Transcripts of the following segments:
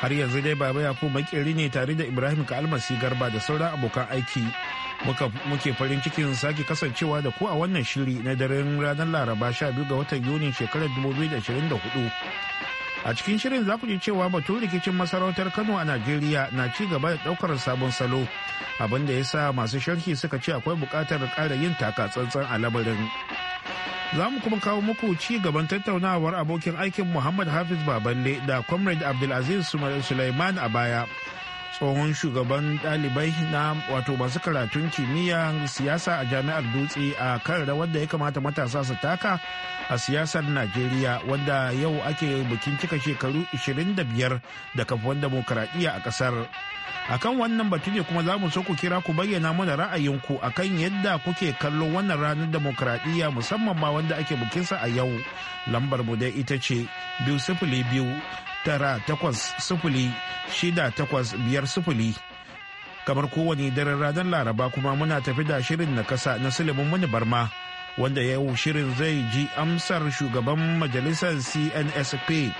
har yanzu dai baba yakubu makeri ne tare da ibrahim almasi garba da sauran abokan aiki muke farin cikin sake kasancewa da ku a wannan shiri na daren ranar laraba 12 ga watan yuni shekarar 2024 a cikin shirin za ku ji cewa batun rikicin masarautar kano a najeriya na ci gaba da daukar sabon salo abinda ya sa masu sharhi suka ce akwai bukatar kara yin taka tsantsan a lamarin. za mu kuma kawo muku ci gaban tattaunawar abokin aikin muhammad hafiz Babanne da comrade abdulaziz sulaiman a baya tsohon shugaban ɗalibai na wato masu karatun kimiyya siyasa a jami'ar dutse a kan rawar da ya kamata matasa su taka a siyasar najeriya wanda yau ake bikin cika shekaru 25 da kafuwar demokaradiyya a ƙasar akan wannan batu ne kuma za mu so ku kira ku bayyana mana ra'ayinku akan yadda kuke kallon wannan ranar demokaradiyya musamman ma wanda ake bikinsa a yau lambar mu dai ita ce biyu sifili biyu tara takwas sifili shida takwas sifili kamar kowane daren ranar laraba kuma muna tafi da shirin na kasa na silimin muni barma wanda yau shirin zai ji amsar shugaban majalisar cnsp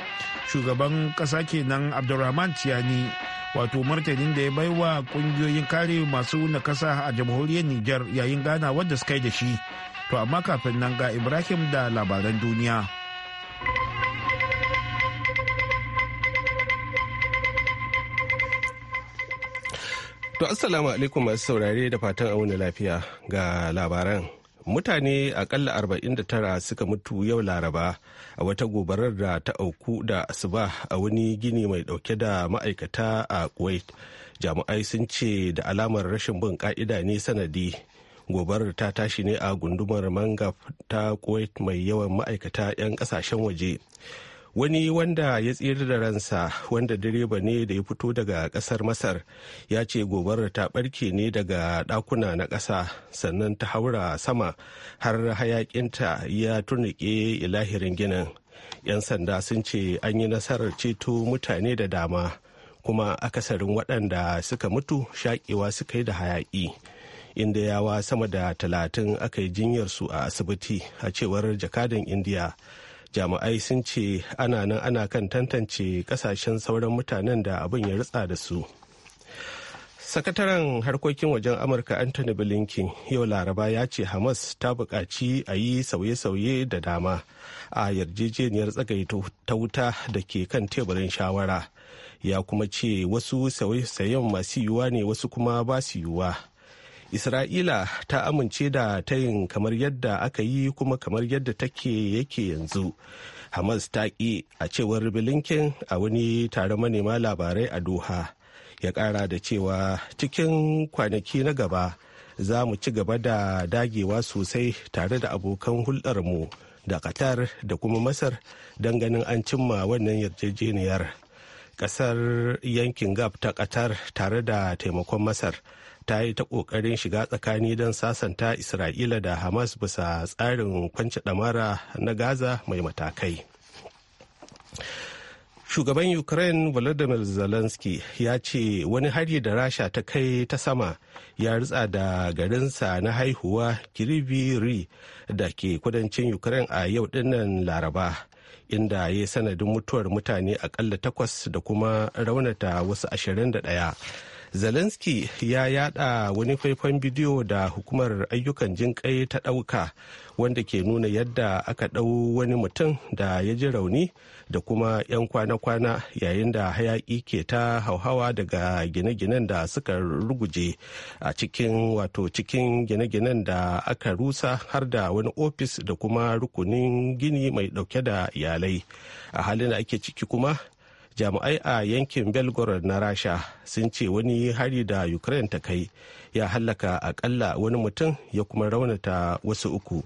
shugaban kasa kenan abdulrahman tiyani wato martanin da ya baiwa kungiyoyin kare masu nakasa a jamhuriyar nijar yayin gana wadda suka yi da shi to amma kafin nan ga ibrahim da labaran duniya. To assalamu alaikum masu saurare da fatan auna lafiya ga labaran. Mutane akalla tara suka mutu yau Laraba a wata gobarar da ta auku da asuba a wani gini mai dauke da ma'aikata a Kuwait. Jami'ai sun ce da alamar rashin bin ka'ida ne sanadi. Gobarar ta tashi ne a gundumar Mangaf ta Kuwait mai yawan ma'aikata 'yan kasashen waje. wani wanda ya tsira da ransa wanda direba ne da ya fito daga kasar masar ya ce gobarar ta barke ne daga dakuna na ƙasa sannan ta haura sama har hayakinta ya turnike ilahirin ginin 'yan sanda sun ce an yi nasarar ceto mutane da dama kuma akasarin waɗanda suka mutu shaƙewa suka yi da hayaƙi indiyawa sama da talatin aka yi jinyarsu a asibiti a cewar jakadan indiya jami'ai sun ce ana nan ana kan tantance kasashen sauran mutanen da abin ya ritsa da su sakataren harkokin wajen amurka anthony blinken yau laraba ya ce hamas ta buƙaci a yi sauye-sauye da dama a yarjejeniyar tsagaita ta wuta da ke kan teburin shawara ya kuma ce wasu sauye-sayen masu yiwuwa ne wasu kuma ba su yiwuwa isra'ila ta amince da tayin kamar yadda aka yi kuma kamar yadda take yake yanzu hamas ta ƙi a cewar bilinkin a wani tare manema labarai a doha ya ƙara da cewa cikin kwanaki na gaba za mu ci gaba da dagewa sosai tare da abokan hulɗarmu da qatar da kuma masar don ganin an cimma wannan yarjejeniyar ƙasar yankin gab ta qatar tare da taimakon masar ta yi ta ƙoƙarin shiga tsakani don sasanta isra'ila da hamas bisa tsarin kwance ɗamara na gaza mai matakai shugaban ukraine volodymyr zelensky ya ce wani hari da rasha ta kai ta sama ya ritsa da garinsa na haihuwa kiribiri da ke kudancin ukraine a yau dinnan laraba inda ya yi sanadin mutuwar mutane akalla takwas da kuma raunata wasu ashirin da ɗaya zelensky ya yada wani faifan bidiyo da hukumar ayyukan jinƙai ta ɗauka wanda ke nuna yadda aka ɗau wani mutum da ya ji rauni da kuma 'yan kwana-kwana yayin da hayaki ke ta hauhawa daga gine-ginen da suka ruguje a cikin wato cikin gine-ginen da aka rusa har da wani ofis da kuma rukunin gini mai ɗauke da iyalai a halin da ake ciki kuma jami'ai a yankin belgorod na rasha sun ce wani hari da ukraine ta kai ya hallaka akalla wani mutum ya kuma raunata wasu uku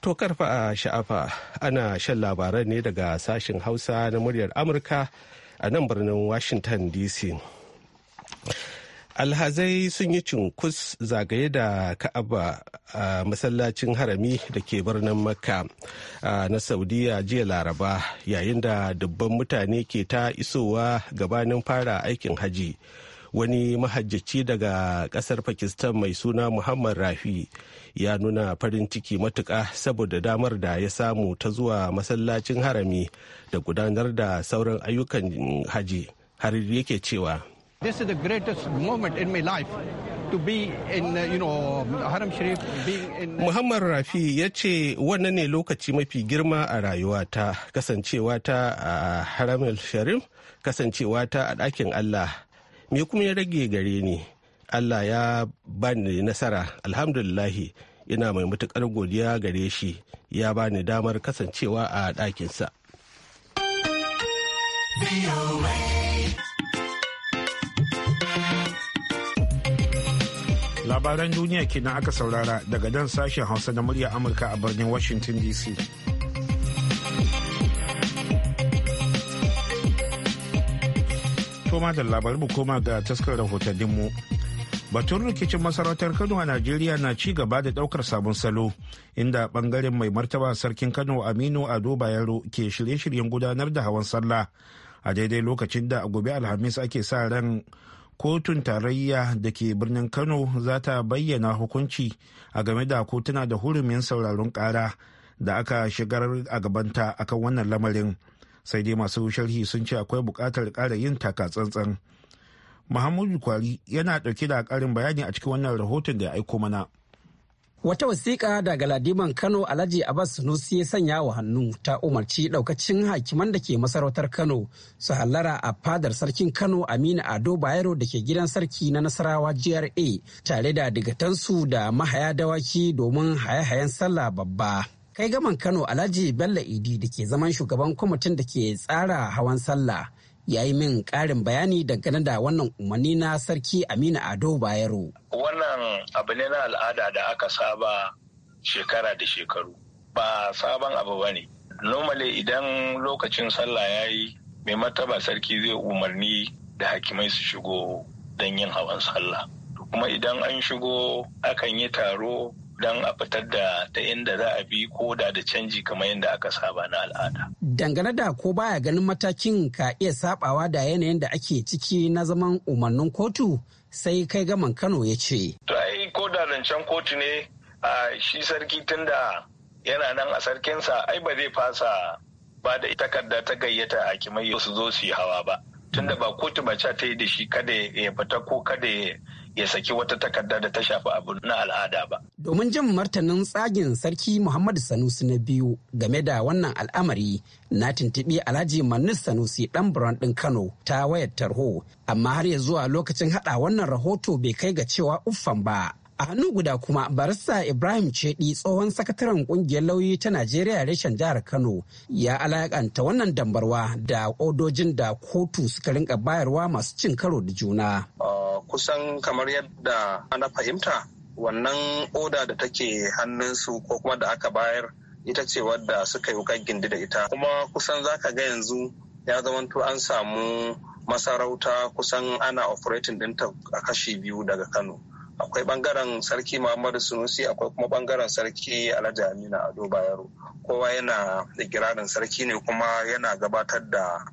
to karfa a sha'afa ana shan labaran ne daga sashen hausa na muryar amurka a nan birnin washington dc alhazai sun yi cunkus zagaye da ka'aba a masallacin harami da ke birnin makka na saudiya jiya laraba yayin da dubban mutane ke ta isowa gabanin fara aikin haji wani mahajjaci daga kasar pakistan mai suna muhammad rafi ya nuna farin ciki matuƙa saboda damar da ya samu ta zuwa masallacin harami da gudanar da sauran ayyukan haji har yake cewa This is the greatest moment in my life. Muhammad Rafi ya ce wannan ne lokaci mafi girma a rayuwata kasancewa ta a haramul sharif kasancewa ta a ɗakin Allah me kuma ya rage gare ni Allah ya bani nasara alhamdulillahi ina mai matukar godiya gare shi ya bani damar kasancewa a ɗakinsa. labaran duniya kenan aka saurara daga dan sashen hausa na murya amurka a birnin washington dc toma da labarin koma ga taskar rahotanninmu batun rikicin masarautar kano a najeriya na ci gaba da daukar sabon salo inda bangaren mai martaba sarkin kano aminu ado bayero ke shirye-shiryen gudanar da hawan sallah a daidai lokacin da a gobe alhamis ake sa ran kotun tarayya da ke birnin kano za ta bayyana hukunci a game da kotuna da hurumin sauraron kara da aka shigar a gabanta akan wannan lamarin sai dai masu sharhi sun ce akwai buƙatar ƙara yin taka tsantsan muhammadu kwari yana ɗauke da ƙarin bayani a cikin wannan rahoton da ya aiko mana Wata wasiƙa daga Ladiman Kano Alhaji Abbas Sunusi ya sanya wa hannu ta umarci ɗaukacin hakiman da ke masarautar Kano su hallara a fadar sarkin Kano Aminu Ado Bayero da ke gidan sarki na Nasarawa GRA tare da digatansu da mahaya dawaki domin haye-hayen sallah babba. Kai gaman Kano Alhaji Bello Idi da ke zaman shugaban kwamitin da ke tsara hawan sallah ya yi min ƙarin bayani dangane da wannan umarni na sarki aminu ado bayero wannan abu ne na al'ada da aka saba shekara da shekaru ba sabon abu ba ne normally idan lokacin sallah ya yi mai mataba sarki zai umarni da hakimai su shigo don yin hawan sallah kuma idan an shigo akan yi taro don a fitar da ta inda za a bi ko da da canji kamar yadda aka saba na al'ada. Dangane da ko baya ganin matakin ka iya sabawa da yanayin da ake ciki na zaman umarnin kotu sai kai gaman Kano ya ce. To ai ko da zancen kotu ne a shi sarki da yana nan a sarkinsa ai ba zai fasa ba da takarda ta gayyata hakimai su zo su yi hawa ba. tunda ba kotu ba ta yi da shi kada ya fita ko kada ya saki wata takarda da ta shafi abu na al'ada ba. Domin jin martanin tsagin sarki Muhammadu Sanusi na biyu game da wannan al'amari na tuntuɓi Alhaji Manus Sanusi ɗan buran ɗin Kano ta wayar tarho amma har ya zuwa lokacin haɗa wannan rahoto bai kai ga cewa uffan ba. a hannu guda kuma barista ibrahim cheɗi tsohon sakataren kungiyar lauyi ta najeriya reshen jihar kano ya alakanta wannan dambarwa da odojin da kotu suka rinka bayarwa masu cin karo da juna kusan kamar yadda ana fahimta wannan oda da take hannunsu ko kuma da aka bayar ita ce wadda suka yi gindi da ita kuma kusan zaka ga yanzu ya zamanto an samu masarauta kusan ana operating dinta a kashi biyu daga kano akwai bangaren sarki muhammadu sunusi akwai kuma bangaren sarki alhaji amina ado bayero kowa yana ikirarin sarki ne kuma yana gabatar da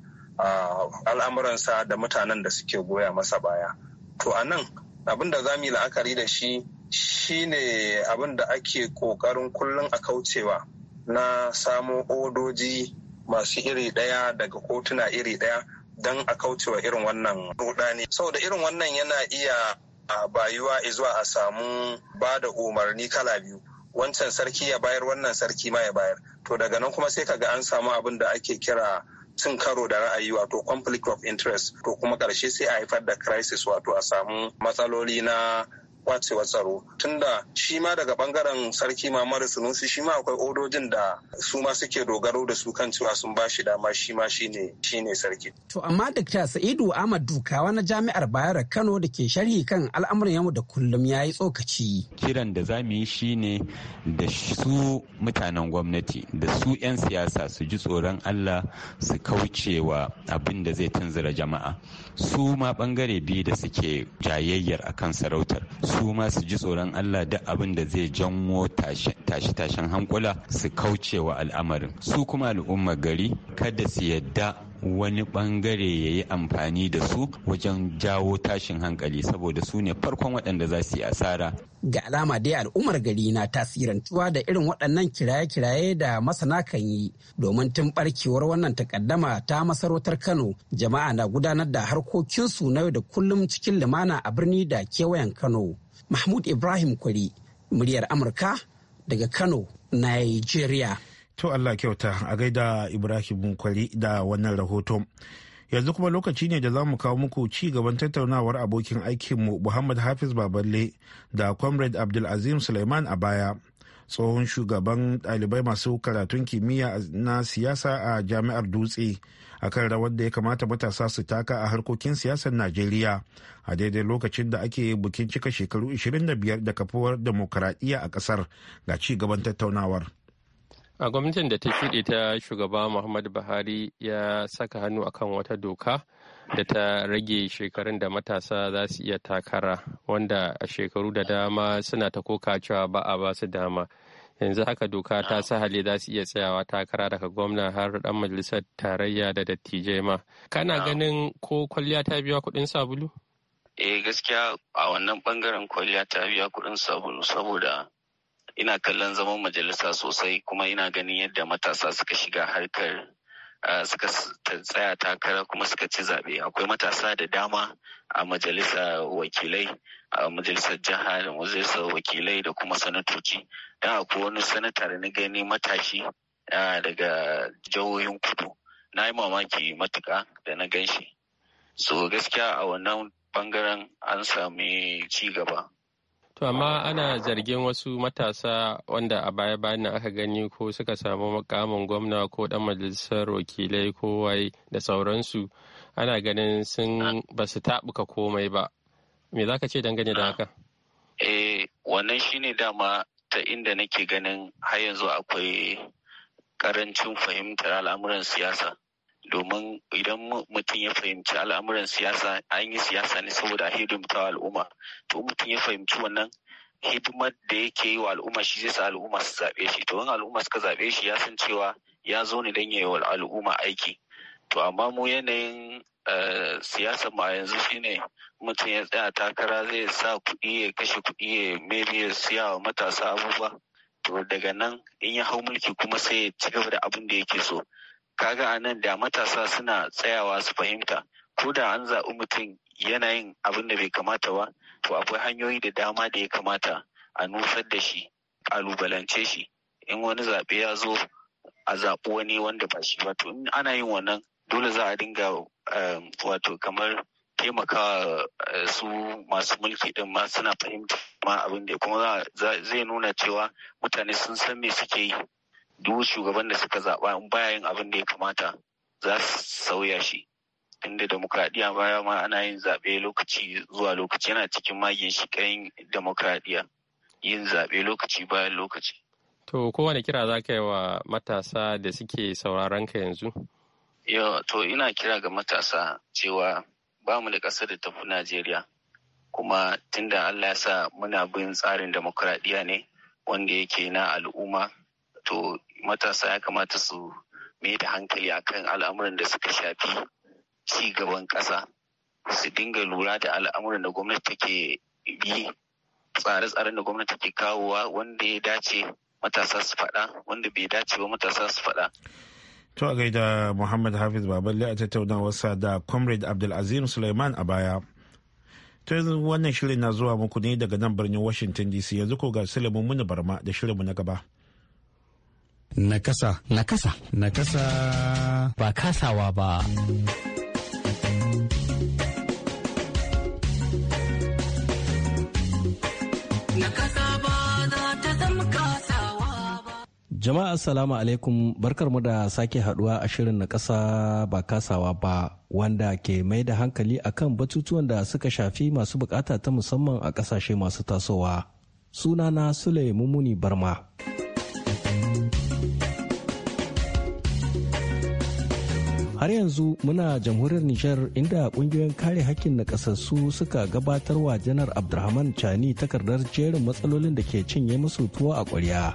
al'amuransa da mutanen da suke goya masa baya to a nan abin da za mu yi la'akari da shi shi ne abin da ake ƙoƙarin kullum a kaucewa na samo odoji masu iri ɗaya daga kotuna iri ɗaya don a kaucewa irin wannan rudani. Sau da irin wannan yana iya A bayuwa zuwa a samu ba da umarni kala biyu wancan sarki ya bayar wannan sarki ma ya bayar to daga nan kuma sai kaga an samu abin da ake kira cin karo da ra'ayi wato conflict of interest to kuma karshe sai a haifar da crisis wato a samu matsaloli na kwacewa tsaro tunda shi ma daga bangaren sarki mamadu sunusi shi ma akwai odojin da su ma suke dogaro da su kan cewa sun bashi dama shi ma shine ne sarki to amma dakta sa'idu ahmad dukawa na jami'ar bayar kano da ke sharhi kan al'amuran yamu da kullum ya yi tsokaci kiran da za mu yi shi ne da su mutanen gwamnati da su 'yan siyasa su ji tsoron allah su kaucewa abin da zai tunzura jama'a su ma bangare biyu da suke jayayyar akan sarautar su su ma su ji tsoron Allah duk abin da zai janwo tashi-tashen hankula su kauce wa al'amarin su kuma al'ummar gari kada su yadda wani bangare ya yi amfani da su wajen jawo tashin hankali saboda su ne farkon waɗanda za su yi asara. Ga alama dai al'ummar gari na tasirantuwa da irin waɗannan kiraye-kiraye da masana kan yi domin tun barkewar wannan takaddama ta masarautar Kano jama'a na gudanar da harkokinsu na yau da kullum cikin lumana a birni da kewayen Kano. Mahmud Ibrahim Kwari, muryar Amurka daga Kano, Nigeria. To Allah kyauta a gaida Ibrahim Kwari da wannan rahoto. Yanzu kuma lokaci ne da za mu kawo muku ci gaban tattaunawar abokin aikinmu Muhammad Hafiz Baballe da Comrade Abdulazim Suleiman a baya. Tsohon shugaban ɗalibai masu karatun kimiyya na siyasa a Jami'ar Dutse akan rawar da ya kamata matasa su taka a harkokin siyasar najeriya a daidai lokacin da ake bukin cika shekaru 25 da kafuwar demokaradiyya a kasar ga ci gaban tattaunawar a gwamnatin da ta shuɗe ta shugaba muhammadu buhari ya saka hannu akan wata doka da ta rage shekarun da matasa za su iya takara wanda a shekaru da dama suna ta koka cewa ba a ba su dama yanzu haka doka ta sahale za su iya tsayawa takara daga gwamna har dan majalisar tarayya da dattijai ma kana ganin ko kwalliya ta biya kuɗin sabulu eh gaskiya a wannan bangaren kwalliya ta biya kuɗin sabulu saboda ina kallon zaman majalisa sosai kuma ina ganin yadda matasa suka shiga harkar suka tsaya takara kuma suka ci zaɓe akwai matasa da dama a majalisa wakilai a majalisar jiha da majalisar wakilai da kuma sanatoci don akwai wani sanata da na gani matashi daga jihohin kudu na yi mamaki matuka da na gan shi so gaskiya a wannan bangaren an sami ci gaba To amma ana zargin wasu matasa wanda a baya bayan nan aka gani ko suka samu makamin gwamna ko dan majalisar wakilai ko waye da sauransu ana ganin sun ba su taɓuka komai ba me za ka ce dangane da haka eh wannan shi shine dama ta inda nake ganin har yanzu akwai karancin fahimtar al'amuran siyasa domin idan mutum ya fahimci al'amuran siyasa an yi siyasa ne saboda a hidimta al'umma to mutum ya fahimci wannan hidimar da yake yi wa al'umma shi zai sa al'umma su zaɓe shi to in al'umma suka zaɓe shi ya san cewa ya zo ne don ya yi wa al'umma aiki to amma mu yanayin eh, siyasa ma yanzu shine mutum ya tsaya takara zai sa kuɗi ya kashe kuɗi ya maybe ya siya wa matasa abubuwa to daga nan in ya hau mulki kuma sai ya ci gaba da abin da yake so kaga a nan da matasa suna tsayawa su fahimta ko da an zaɓi mutum yanayin yin abin da bai kamata ba to akwai hanyoyi da dama da ya kamata a nufar da shi ƙalubalance shi in wani zaɓe ya zo a zaɓi wani wanda ba shi ba to in ana yin wannan dole za a dinga um, wato kamar taimakawa uh, su masu mulki din ma suna fahimta ma abin da kuma zai nuna cewa mutane sun san me suke yi duk shugaban da suka zaɓa in baya yin abin da ya kamata za su sauya shi inda demokradiya baya ma ana yin zaɓe lokaci zuwa lokaci yana cikin magin shi kayan demokradiya yin zaɓe lokaci bayan lokaci. To kowane kira za ka yi wa matasa da suke sauraron ka yanzu? Yo, to ina kira ga matasa cewa ba mu da ƙasar da tafi Najeriya kuma tunda Allah ya sa muna bin tsarin demokuraɗiyya ne wanda yake na al'umma to matasa ya kamata su mai da hankali akan al'amuran da suka shafi ci gaban ƙasa su dinga lura da al'amuran da gwamnati take bi tsare-tsaren da gwamnati take kawowa wanda ya dace matasa su faɗa wanda bai dace ba matasa su faɗa To a gaida Muhammad Hafiz Baballe a tattaunawarsa da Comrade Abdulazim Suleiman a baya. Ta wannan shirin na zuwa muku ne daga nan birnin Washington DC yanzu ko ga Suleiman Muni Barma da shirinmu na gaba. Nakasa. Nakasa. Nakasa. Ba kasawa ba. Jama'a assalamu alaikum mu da sake haduwa a shirin na kasa ba kasawa ba wanda ke mai da hankali akan batutuwan da suka shafi masu bukata ta musamman a kasashe masu tasowa. Sunana Sule Mumuni Barma. har yanzu muna jamhuriyar nijar inda kungiyoyin kare hakkin na kasassu suka gabatar wa janar abdulrahman chani takardar jerin matsalolin da ke cinye musu tuwo a ƙwarya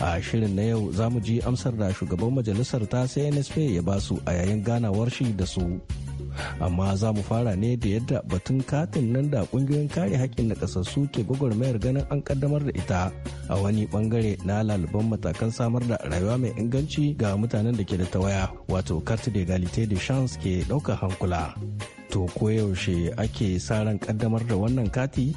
a shirin na yau za mu ji amsar da shugaban majalisar ta cnsp ya ba su a yayin ganawar shi da su amma za mu fara ne da yadda batun katin nan da kungiyoyin kare haƙƙin na ƙasassu ke gwagwarmayar ganin an kaddamar da ita a wani bangare na laliban matakan samar da rayuwa mai inganci ga mutanen da ke da tawaya wato carte galite de chance ke ɗaukar hankula To koyaushe ake sa ran kaddamar da wannan kati?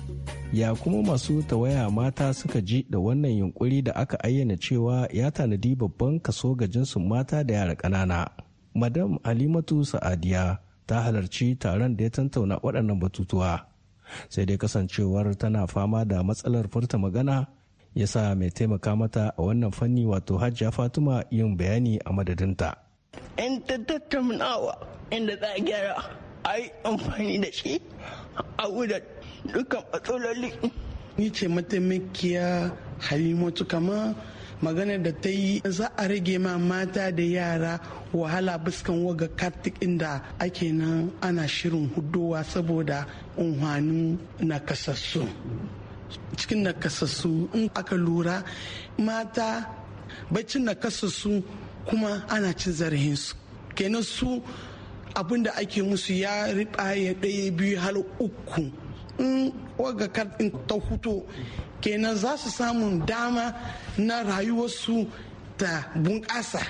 Ya kuma masu tawaya mata suka ji da wannan yunkuri da aka ayyana cewa ya tanadi babban kaso ga jinsin mata da yara ƙanana. Madam Alimatu Sa'adiya ta halarci taron da ya tantauna waɗannan batutuwa. Sai dai kasancewar tana fama da matsalar furta magana ya sa mai taimaka mata a wannan fanni wato Hajiya Fatima yin bayani a madadinta. In tattaunawa inda za a gyara ai amfani da shi a wuda dukkan matsaloli ni ce mataimakiya halimatu kama magana da ta yi za a rage ma mata da yara wahala buskan waga kartik inda ake nan ana shirin hudowa saboda na nakasassu cikin nakasassu in aka lura mata na nakasassu kuma ana cin zarahinsu kenan su abin da ake musu ya riba ya ɗaya biyu hal uku in waga in ta huto kenan za su samun dama na rayuwarsu ta bunƙasa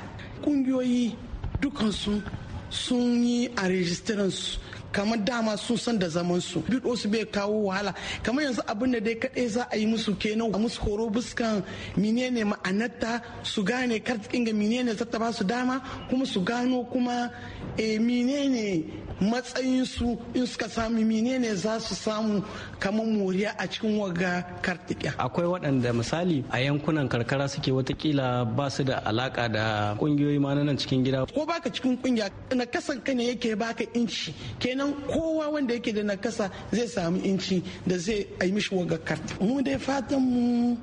ƙungiyoyi dukansu sun yi a rejistiransu kamar dama sun san da zaman su bido su bai kawo wahala kamar yanzu abin da dai kadai za a yi musu kenan a musu horo buskan menene ma'anarta su gane kar ga menene zata ba su dama kuma su gano kuma eh, menene matsayinsu in suka samu menene za su samu kamar moriya a cikin waga kartika akwai waɗanda misali a yankunan karkara suke watakila ba su da alaka da kungiyoyi ma nan cikin gida ko baka cikin kungiya na kasan kane yake baka inci kenan kowa wanda yake da nakasa zai samu inci da zai yi mishi waga kart mu dai fatan mu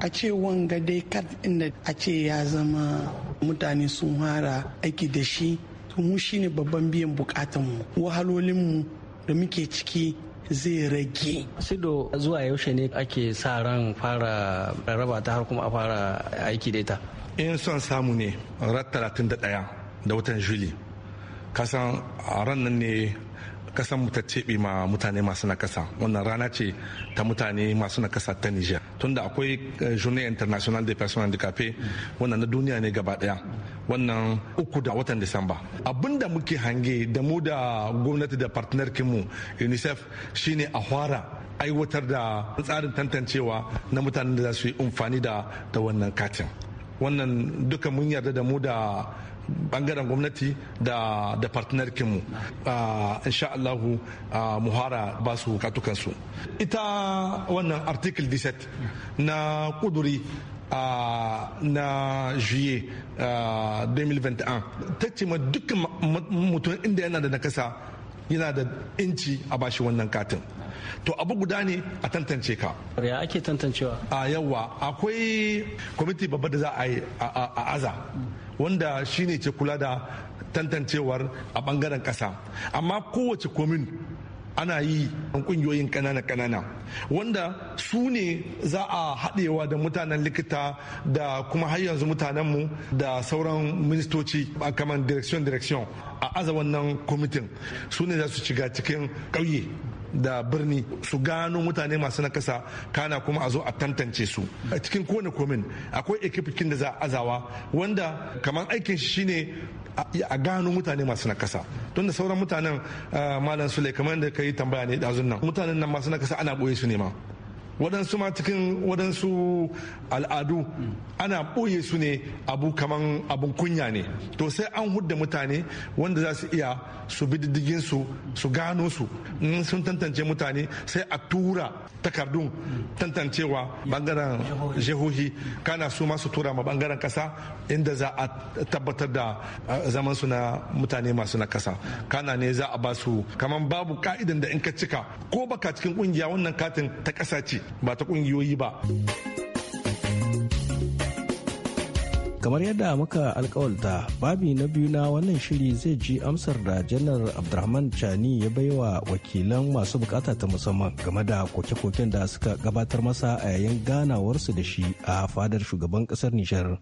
a ce wanga dai kat inda a ce ya zama mutane sun hara aiki da shi haka mu shine babban biyan mu wahalolin mu da muke ciki zai rage. Sido zuwa yaushe ne ake sa ran fara raba ta har kuma a fara aiki da ita? In son samu ne ran 31 da watan Juli. Kasan a ran nan ne kasan mu ta cebe ma mutane masu nakasa wannan rana ce ta mutane masu nakasa ta Niger tunda akwai eh, Journée International des Personnes Handicapées wannan na duniya ne gaba daya wannan uku da watan Disamba abinda muke hange da mu da gwamnati da partner kinmu UNICEF shine a hwara aiwatar da tsarin tantancewa na mutanen da za su yi amfani da wannan katin wannan duka mun yarda da mu da bangaren gwamnati da da partnerkinmu ah, insha Allahu ah, muhara ba su katukansu ita wannan article 17 na kuduri ah, na juye 2021 ta ce ma dukkan mutum inda yana da nakasa yana da inci a bashi wannan katin to abu guda ne a tantance ka ya ake tantancewa a yawa akwai kwamiti babba da za a yi a aza wanda shine ke kula da tantancewar a bangaren kasa amma kowace komin ana yi an kungiyoyin kanana-kanana wanda su ne za a haɗewa da mutanen likita da kuma har yanzu mutanenmu da sauran ministoci a kamar direction direction a aza wannan kwamitin su ne za su shiga cikin ƙauye da birni su gano mutane masu nakasa kana kuma a zo a tantance su a cikin kowane komin akwai ekipikin da za a azawa wanda kamar aikin shi shine a gano mutane masu nakasa don da sauran mutanen ah, malam sule kamar da ka yi tambaya ne dazun nan mutanen nan masu nakasa ana boye su ne ma waɗansu ma cikin waɗansu al'adu ana ɓoye su ne abu kaman abun kunya ne to sai an hudda mutane wanda za su iya su bi diddigin su su gano su in sun tantance mutane sai a tura takardun tantancewa bangaren jihohi kana su masu tura ma bangaren kasa inda za a tabbatar da zaman su na mutane masu na kasa kana ne za a ba su kaman babu ka'idan da in ka cika ko baka cikin kungiya wannan katin ta kasa ce ba ta kungiyoyi ba kamar yadda muka alkawalta babi na biyu na wannan shiri zai ji amsar da janar abdulrahman chani ya baiwa wakilan masu bukata ta musamman game da koke-koken da suka gabatar masa a yayin ganawarsu da shi a fadar shugaban kasar nishar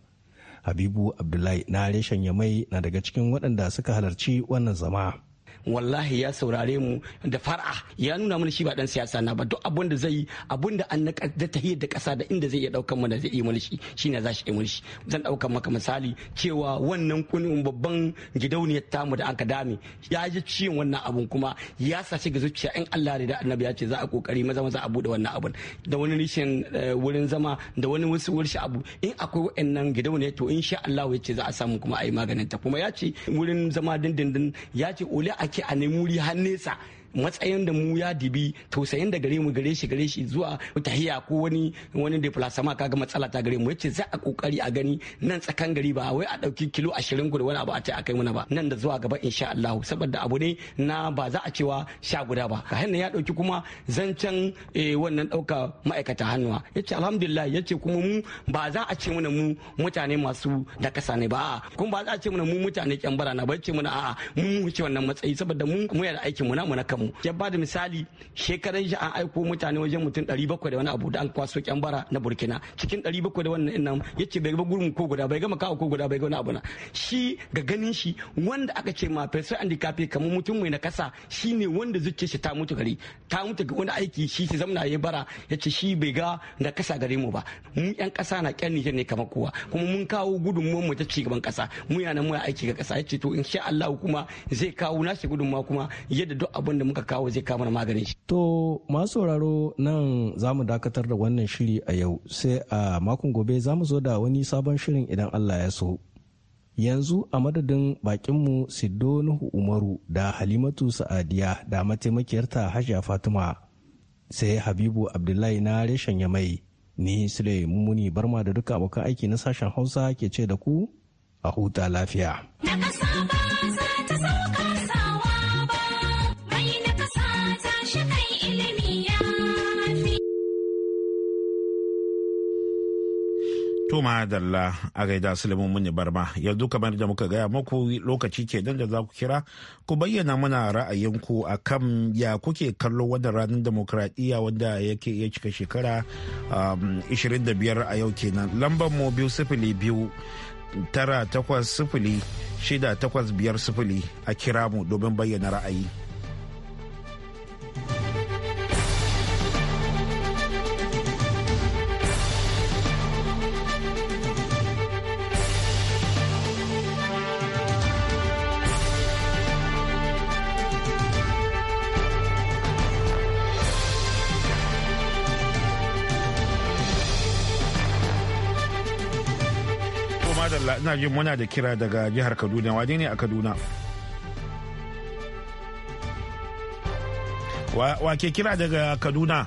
habibu abdullahi na reshen yamai na daga cikin waɗanda suka halarci wannan zama wallahi ya saurare mu da far'a ya nuna mana shi ba dan siyasa na ba duk abin da zai abin da an na da tahiyar da kasa da inda zai iya daukar mana zai iya mulki shine za shi iya mulki zan daukar maka misali cewa wannan kunin babban gidauniyar tamu da aka dame ya ji ciyin wannan abun kuma ya sace ga zuciya in Allah da annabi ya ce za a kokari maza maza a bude wannan abun da wani rishin eh, wurin zama da wani wasu wurshi abu in akwai wa'annan gidauniyar to insha Allah ya ce za a samu kuma a yi maganin ta kuma ya ce wurin zama dindindin ya ce ole a ake a nemi wuri har nesa matsayin da mu ya dibi tausayin da gare mu gare shi gare shi zuwa tahiya ko wani wani da deplasama kaga matsala ta gare mu yace za a kokari a gani nan tsakan gari ba wai a dauki kilo 20 guda wani abu a ce a kai mana ba nan da zuwa gaba insha Allah saboda abu ne na ba za a cewa sha guda ba ka hannun ya dauki kuma zancen eh, wannan dauka ma'aikata hannuwa yace alhamdulillah yace kuma mu ba za a ce mana mu mutane masu da kasa ne ba kuma ba za a ce mana mu mutane kyambara na ba yace mana a'a mu mu ce wannan matsayi saboda mu mu da aikin mu na mu na abu ya ba da misali shekaran shi an aiko mutane wajen mutum 700 da wani abu da an kwaso kyan bara na burkina cikin 700 da wannan nan ce bai ga gurin ko guda bai gama kawo ko guda bai ga wani abu na shi ga ganin shi wanda aka ce ma andi handicap kamar mutum mai nakasa shine wanda zuciyar shi ta mutu gari ta mutu ga wani aiki shi shi zamna ya bara ya ce shi bai ga nakasa gare mu ba mu yan kasa na kyan nijar ne kamar kowa kuma mun kawo gudunmuwan mu ta ci gaban kasa mu yana mu aiki ga kasa ya ce to insha Allah kuma zai kawo nashi gudunmuwa kuma yadda duk abin da muka kawo zai kama maganin shi. To masu sauraro nan za mu dakatar da wannan shiri a yau sai a makon gobe za mu zo da wani sabon shirin idan Allah ya so. Yanzu a madadin bakinmu Sido Nuhu Umaru da Halimatu Sa'adiya da mataimakiyarta Hajiya Fatima sai Habibu Abdullahi na reshen mai ni Sule Mummuni Barma da duka abokan aiki na sashen Hausa ke ce da ku a huta lafiya. To madalla a gaida Suleiman Muni Barma yanzu kamar da muka gaya muku lokaci ke nan da za ku kira ku bayyana mana ra'ayinku a kan ya kuke kallo wannan ranar demokradiyya wanda yake iya cika shekara 25 um, a yau kenan lambar mu biyu sifili biyu tara takwas sifili shida takwas biyar sifili a kira mu domin bayyana ra'ayi. jin muna da kira daga jihar kaduna wane ne a kaduna wa ke kira daga kaduna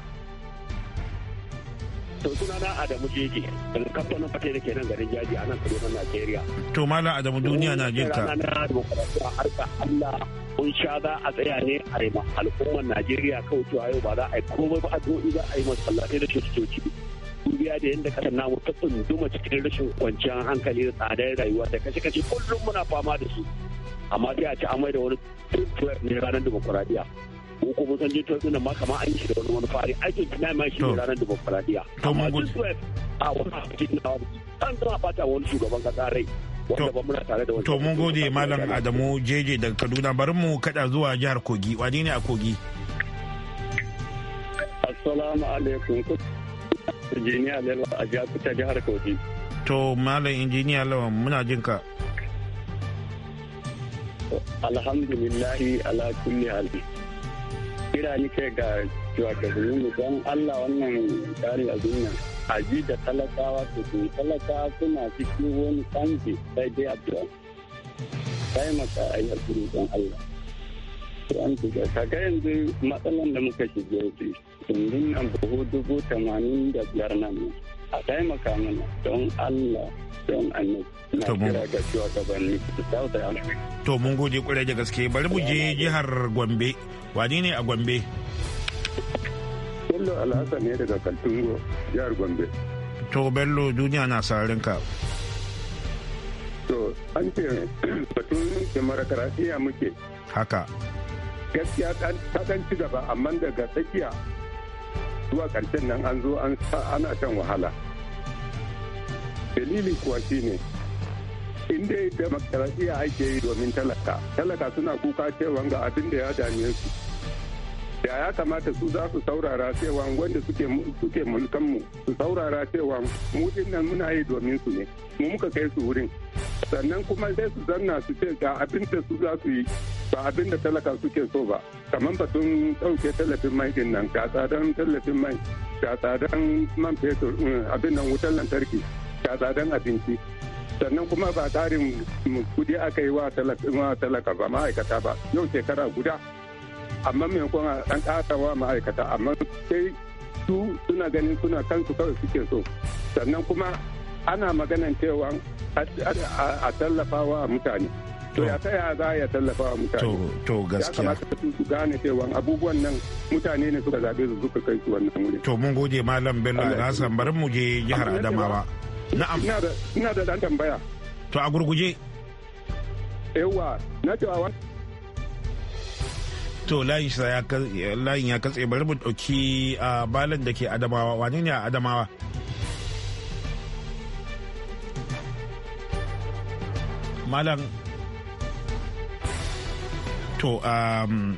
to suna na adamu jeji daga kamfanin fate da ke nan garin jaji a nan kaduna najeriya to mala adamu duniya na jin ka na demokarasiya harka allah kun sha za a tsaya ne a yi ma al'ummar najeriya kawai cewa yau ba za a yi komai ba addu'o'i za a yi masallatai da coci dubiya da yadda kasar namu ta tsunduma cikin rashin kwanciyar hankali da tsadar rayuwa da kashe-kashe kullum muna fama da su amma sai a ci amai da wani tuntuwar ne ranar demokuraɗiyya ko kuma san je tuwar ma kama an yi da wani wani fari aikin na ma shi ne ranar demokuraɗiyya amma tuntuwar a wani hafi na wani an zama bata wani shugaban kasa rai To mun gode Malam Adamu Jeje daga Kaduna bari mu kada zuwa jihar Kogi wani ne a Kogi? Assalamu alaikum. injiniya lawa a jakuta jihar kogi to malam injiniya lawa muna jin ka alhamdulillahi ala kulli hali kira ke ga shugabannin don allah wannan tsari a duniya aji da talakawa su su talakawa suna cikin wani kanji sai dai addu'a sai maka a yi don allah ka an tuka kaga yanzu matsalan da muka shige su kundin nan buhu dubu tamanin da biyar nan a taimaka mana don Allah don annabi. Na kira To mun gode kwarai da gaske bari mu je jihar Gombe. Wani ne a Gombe? Bello Alhassan ne daga Kaltungo, jihar Gombe. To Bello duniya na sararin ka. To an ce batun demokarasiya muke. Haka. Gaskiya ta ci gaba amma daga tsakiya zuwa karshen nan an zo ana shan wahala dalili kuwa shine in dai demokarasiya ake yi domin talaka talaka suna kuka cewa ga abin da ya dame su da ya kamata su za su saurara cewa wanda suke mulkanmu su saurara cewa mu nan muna yi domin su ne mu muka kai su wurin sannan kuma sai su zanna su ce ga abin da su za su yi ba abin da talaka suke so ba kamar batun ɗauke tallafin mai din nan ga tsadan tallafin mai ga tsadan man fetur mm, abin nan wutar lantarki ga tsadan abinci sannan kuma ba tarin kudi aka yi wa talaka ba ma'aikata ba yau shekara guda amma kuma an ƙasa wa ma'aikata amma sai su suna ganin suna kansu kawai suke so sannan kuma ana maganan cewa a tallafa wa mutane to ya ta yaya za a tallafa wa mutane to gaskiya ya kamata su gane cewa abubuwan nan mutane ne suka zabe su suka kai su wannan wuri to mun gode malam bello Hassan bari mu je jihar adamawa na'am ina da dan tambaya to a gurguje yawa na cewa to layin ya katse bari mu dauki a balan da ke adamawa wane ne a adamawa malam To, um,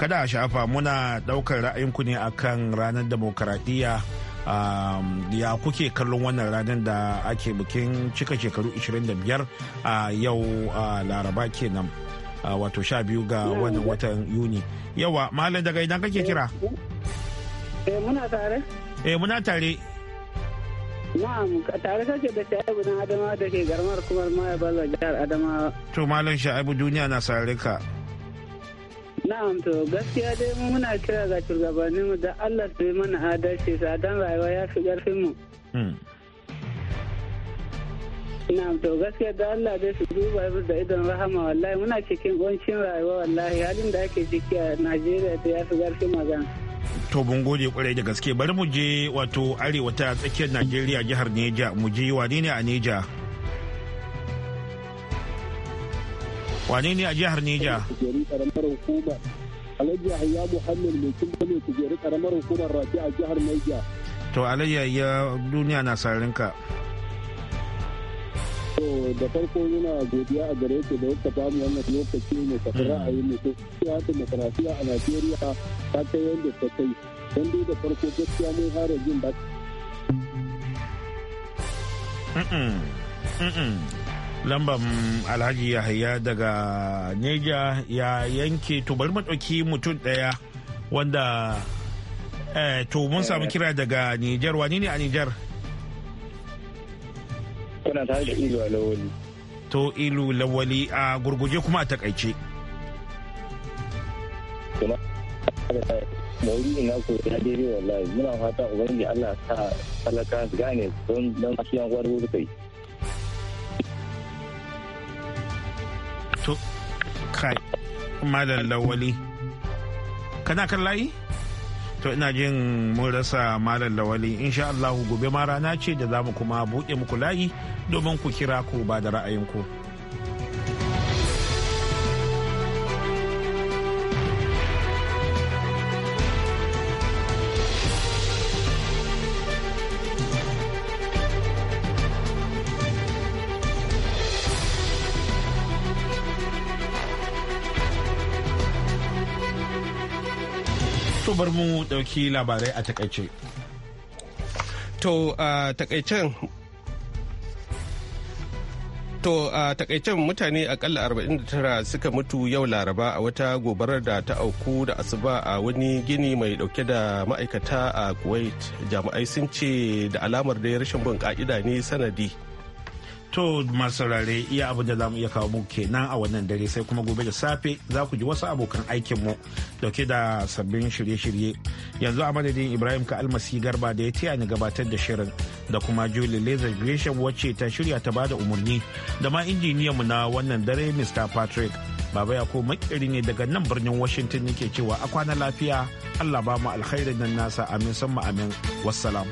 kada a shafa muna daukar ra'ayinku ne akan ranar demokaradiyya um, ya kuke kallon wannan ranar da ake bikin cika shekaru 25 a yau uh, laraba kenan wato 12 ga wannan watan yuni yawa malam daga idan kake kira eh muna tare eh muna tare Na'am, tare kake da Sha'ibu na Adamawa da ke garmar kuma Maya Bello jihar Adamawa. To Malam Sha'ibu duniya na sare ka. Na'am to gaskiya dai muna kira ga shugabanni mu da Allah su yi mana adalci dan rayuwa ya fi ƙarfin mu. Hmm. Na'am to gaskiya da Allah dai su duba mu da idon rahama wallahi muna cikin ƙuncin rayuwa wallahi halin da ake ciki a Najeriya ta ya fi ƙarfin magana. To mun gode kwarai da gaske bari mu je wato arewa ta tsakiyar Najeriya jihar Neja mu je wa ne a Neja? wane ne a jihar Neja? To Alayya ya duniya na sarinka. da farko yana godiya a gare ke da wata bamu wannan lokaci ne fara hmm. a yi mutu ya ta demokrasiya a Najeriya ta kai yadda ta kai. don dai da farko gaskiya mun fara jin ba. lambar alhaji yahaya daga neja ya yanke to bari maɗauki mutum ɗaya wanda eh, to mun samu eh. kira daga nijar wani ne a nijar kuna tare da ilu lawali to ilu lawali a gurguje kuma a takaice mauri ina ko ya daidai wallahi muna fata ubangiji allah sa talaka gane don don masu yan kai malam lawali kana kan layi to ina jin mun rasa malam lawali insha Allah gobe ma rana ce da za mu kuma buɗe muku layi domin ku kira ku ba da ra'ayinku. ku To bar mu dauki labarai a takaice. To a takaicen To a takaicen mutane akalla 49 suka mutu yau laraba a wata gobarar da ta auku da asuba a wani gini mai dauke da ma'aikata a Kuwait. Jami'ai sun ce da alamar da rashin bin ka'ida ne sanadi. To masu saurare iya abin da za iya kawo muku kenan a wannan dare sai kuma gobe da safe za ku ji wasu abokan aikin mu dauke da sabbin shirye-shirye. Yanzu a madadin Ibrahim ka almasi garba da ya taya ni gabatar da shirin da kuma Julie laser Gresham wacce ta shirya ta bada umarni da ma injiniyan mu na wannan dare Mr. Patrick. Baba ya ko makiri ne daga nan birnin Washington nake cewa a kwana lafiya Allah ba mu alkhairin nan nasa amin san amin wassalam.